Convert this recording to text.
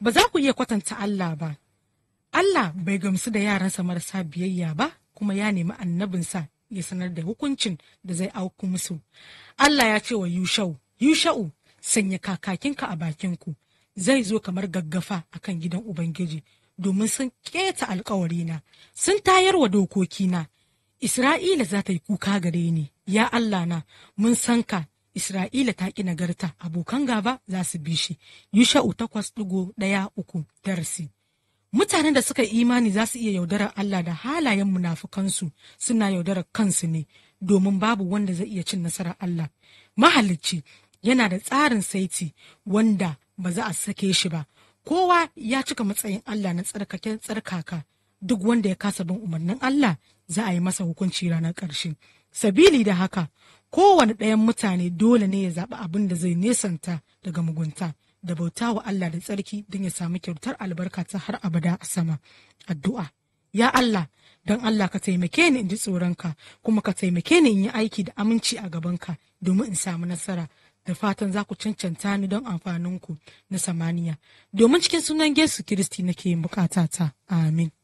ba za ku iya kwatanta Allah ba. Allah bai gamsu da yaransa marasa biyayya ba kuma ya nemi annabinsa ya sanar da hukuncin da zai auku musu. Allah ya ce wa Yushau, Yushau sanya kakakinka a bakinku zai zo kamar gaggafa a kan gidan Ubangiji domin sun keta alkawarina, sun tayar wa dokokina. Isra'ila za ta yi kuka gare ni, ya Allah na, mun san ka Isra'ila ta ƙi nagarta abokan gaba za su bi shi. Yusha'u takwas ɗigo ɗaya uku darasi. Mutanen da suka imani za su iya yaudarar Allah da halayen munafukansu suna yaudarar kansu ne domin babu wanda zai iya cin nasarar Allah. Mahalicci yana da tsarin saiti wanda ba za a sake shi ba. Kowa ya cika matsayin Allah na tsarkake tsarkaka duk wanda ya kasa bin umarnin Allah za a yi masa hukunci ranar ƙarshe. Sabili da haka kowane ɗayan mutane dole ne ya zaɓi abin da zai nesanta daga mugunta da bauta wa Allah da tsarki don ya samu kyautar albarka ta har abada a sama addu'a ya Allah don Allah ka taimake ni in ji tsoronka kuma ka taimake ni in yi aiki da aminci a gabanka domin in samu nasara da fatan za ku cancanta ni don amfaninku na samaniya domin cikin sunan Yesu Kiristi nake yin ta amin